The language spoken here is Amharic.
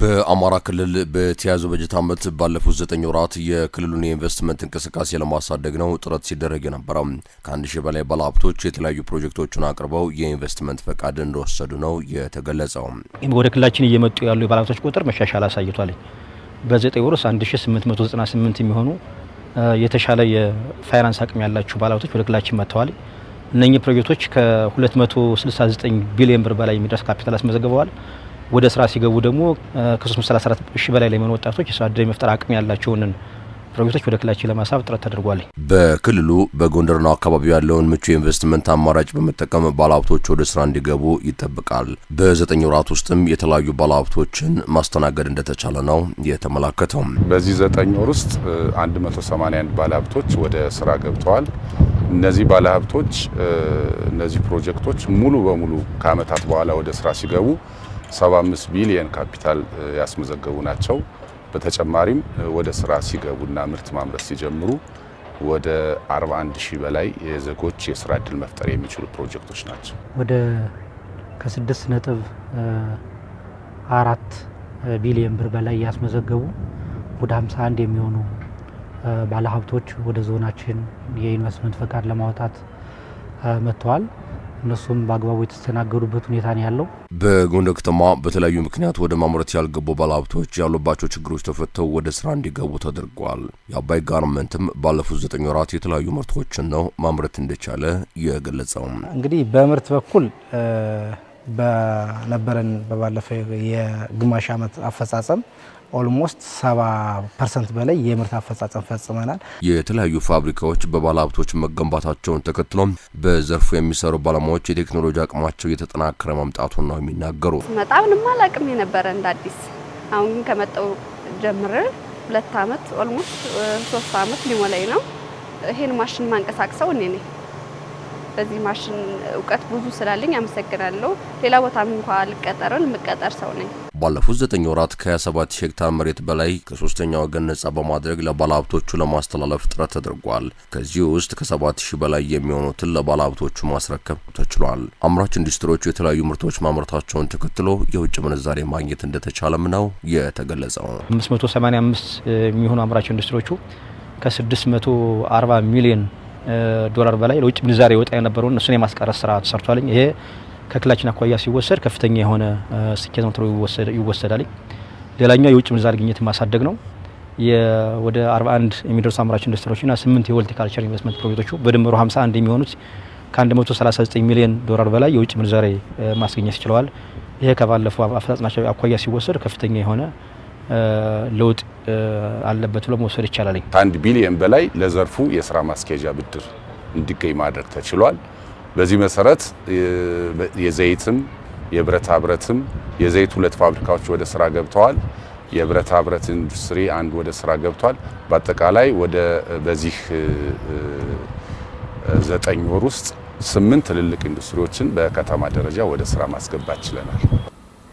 በአማራ ክልል በተያዘው በጀት ዓመት ባለፉት ዘጠኝ ወራት የክልሉን የኢንቨስትመንት እንቅስቃሴ ለማሳደግ ነው ጥረት ሲደረግ የነበረ። ከአንድ ሺህ በላይ ባለሀብቶች የተለያዩ ፕሮጀክቶችን አቅርበው የኢንቨስትመንት ፈቃድ እንደወሰዱ ነው የተገለጸው። ወደ ክልላችን እየመጡ ያሉ የባለሀብቶች ቁጥር መሻሻል አሳይቷል። በዘጠኝ ወር ውስጥ 1898 የሚሆኑ የተሻለ የፋይናንስ አቅም ያላቸው ባለሀብቶች ወደ ክልላችን መጥተዋል። እነኚህ ፕሮጀክቶች ከ269 ቢሊዮን ብር በላይ የሚደርስ ካፒታል አስመዘግበዋል። ወደ ስራ ሲገቡ ደግሞ ከ334 ሺህ በላይ ለሚሆኑ ወጣቶች የስራ ዕድል የመፍጠር አቅም ያላቸውን ፕሮጀክቶች ወደ ክልላችን ለማሳብ ጥረት ተደርጓል። በክልሉ በጎንደርና አካባቢው ያለውን ምቹ የኢንቨስትመንት አማራጭ በመጠቀም ባለሀብቶች ወደ ስራ እንዲገቡ ይጠብቃል። በዘጠኝ ወራት ውስጥም የተለያዩ ባለሀብቶችን ማስተናገድ እንደተቻለ ነው የተመላከተው። በዚህ ዘጠኝ ወር ውስጥ 181 ባለሀብቶች ወደ ስራ ገብተዋል። እነዚህ ባለሀብቶች እነዚህ ፕሮጀክቶች ሙሉ በሙሉ ከአመታት በኋላ ወደ ስራ ሲገቡ 75 ቢሊየን ካፒታል ያስመዘገቡ ናቸው። በተጨማሪም ወደ ስራ ሲገቡና ምርት ማምረት ሲጀምሩ ወደ 41 ሺህ በላይ የዜጎች የስራ እድል መፍጠር የሚችሉ ፕሮጀክቶች ናቸው። ወደ ከስድስት ነጥብ አራት ቢሊየን ብር በላይ ያስመዘገቡ ወደ 51 የሚሆኑ ባለሀብቶች ወደ ዞናችን የኢንቨስትመንት ፈቃድ ለማውጣት መጥተዋል። እነሱም በአግባቡ የተስተናገዱበት ሁኔታ ነው ያለው። በጎንደር ከተማ በተለያዩ ምክንያት ወደ ማምረት ያልገቡ ባለሀብቶች ያሉባቸው ችግሮች ተፈተው ወደ ስራ እንዲገቡ ተደርጓል። የአባይ ጋርመንትም ባለፉት ዘጠኝ ወራት የተለያዩ ምርቶችን ነው ማምረት እንደቻለ የገለጸው። እንግዲህ በምርት በኩል በነበረን በባለፈ የግማሽ ዓመት አፈጻጸም ኦልሞስት 70 ፐርሰንት በላይ የምርት አፈጻጸም ፈጽመናል። የተለያዩ ፋብሪካዎች በባለሀብቶች መገንባታቸውን ተከትሎ በዘርፉ የሚሰሩ ባለሙያዎች የቴክኖሎጂ አቅማቸው እየተጠናከረ መምጣቱን ነው የሚናገሩት። በጣም ንማል አቅም የነበረ እንደ አዲስ አሁን ግን ከመጣው ጀምር ሁለት አመት ኦልሞስት ሶስት አመት ሊሞላኝ ነው። ይሄን ማሽን ማንቀሳቅሰው እኔ ነኝ። በዚህ ማሽን እውቀት ብዙ ስላለኝ አመሰግናለሁ። ሌላ ቦታም እንኳ ልቀጠርን የምቀጠር ሰው ነኝ። ባለፉት ዘጠኝ ወራት ከ27 ሺህ ሄክታር መሬት በላይ ከሶስተኛ ወገን ነጻ በማድረግ ለባለሀብቶቹ ለማስተላለፍ ጥረት ተደርጓል። ከዚህ ውስጥ ከ7 ሺህ በላይ የሚሆኑትን ለባለሀብቶቹ ማስረከብ ተችሏል። አምራች ኢንዱስትሪዎቹ የተለያዩ ምርቶች ማምረታቸውን ተከትሎ የውጭ ምንዛሬ ማግኘት እንደተቻለም ነው የተገለጸው። 585 የሚሆኑ አምራች ኢንዱስትሪዎቹ ከ640 ሚሊዮን ዶላር በላይ ለውጭ ምንዛሬ ወጣ የነበረውን እሱን የማስቀረት ስራ ተሰርቷልኝ። ይሄ ከክላችን አኳያ ሲወሰድ ከፍተኛ የሆነ ስኬት ነው ተብሎ ይወሰዳልኝ። ሌላኛው የውጭ ምንዛሪ ግኝት ማሳደግ ነው። ወደ 41 የሚደርሱ አምራች ኢንዱስትሪዎችና 8 የሆልቲካልቸር ኢንቨስትመንት ፕሮጀክቶቹ በድምሩ 51 የሚሆኑት ከ139 ሚሊዮን ዶላር በላይ የውጭ ምንዛሬ ማስገኘት ይችለዋል። ይሄ ከባለፈው አፈጻጸማቸው አኳያ ሲወሰድ ከፍተኛ የሆነ ለውጥ አለበት ብሎ መውሰድ ይቻላል። ከአንድ ቢሊየን በላይ ለዘርፉ የስራ ማስኬጃ ብድር እንዲገኝ ማድረግ ተችሏል። በዚህ መሰረት የዘይትም የብረታ ብረትም የዘይት ሁለት ፋብሪካዎች ወደ ስራ ገብተዋል። የብረታ ብረት ኢንዱስትሪ አንድ ወደ ስራ ገብቷል። በአጠቃላይ ወደ በዚህ ዘጠኝ ወር ውስጥ ስምንት ትልልቅ ኢንዱስትሪዎችን በከተማ ደረጃ ወደ ስራ ማስገባት ችለናል።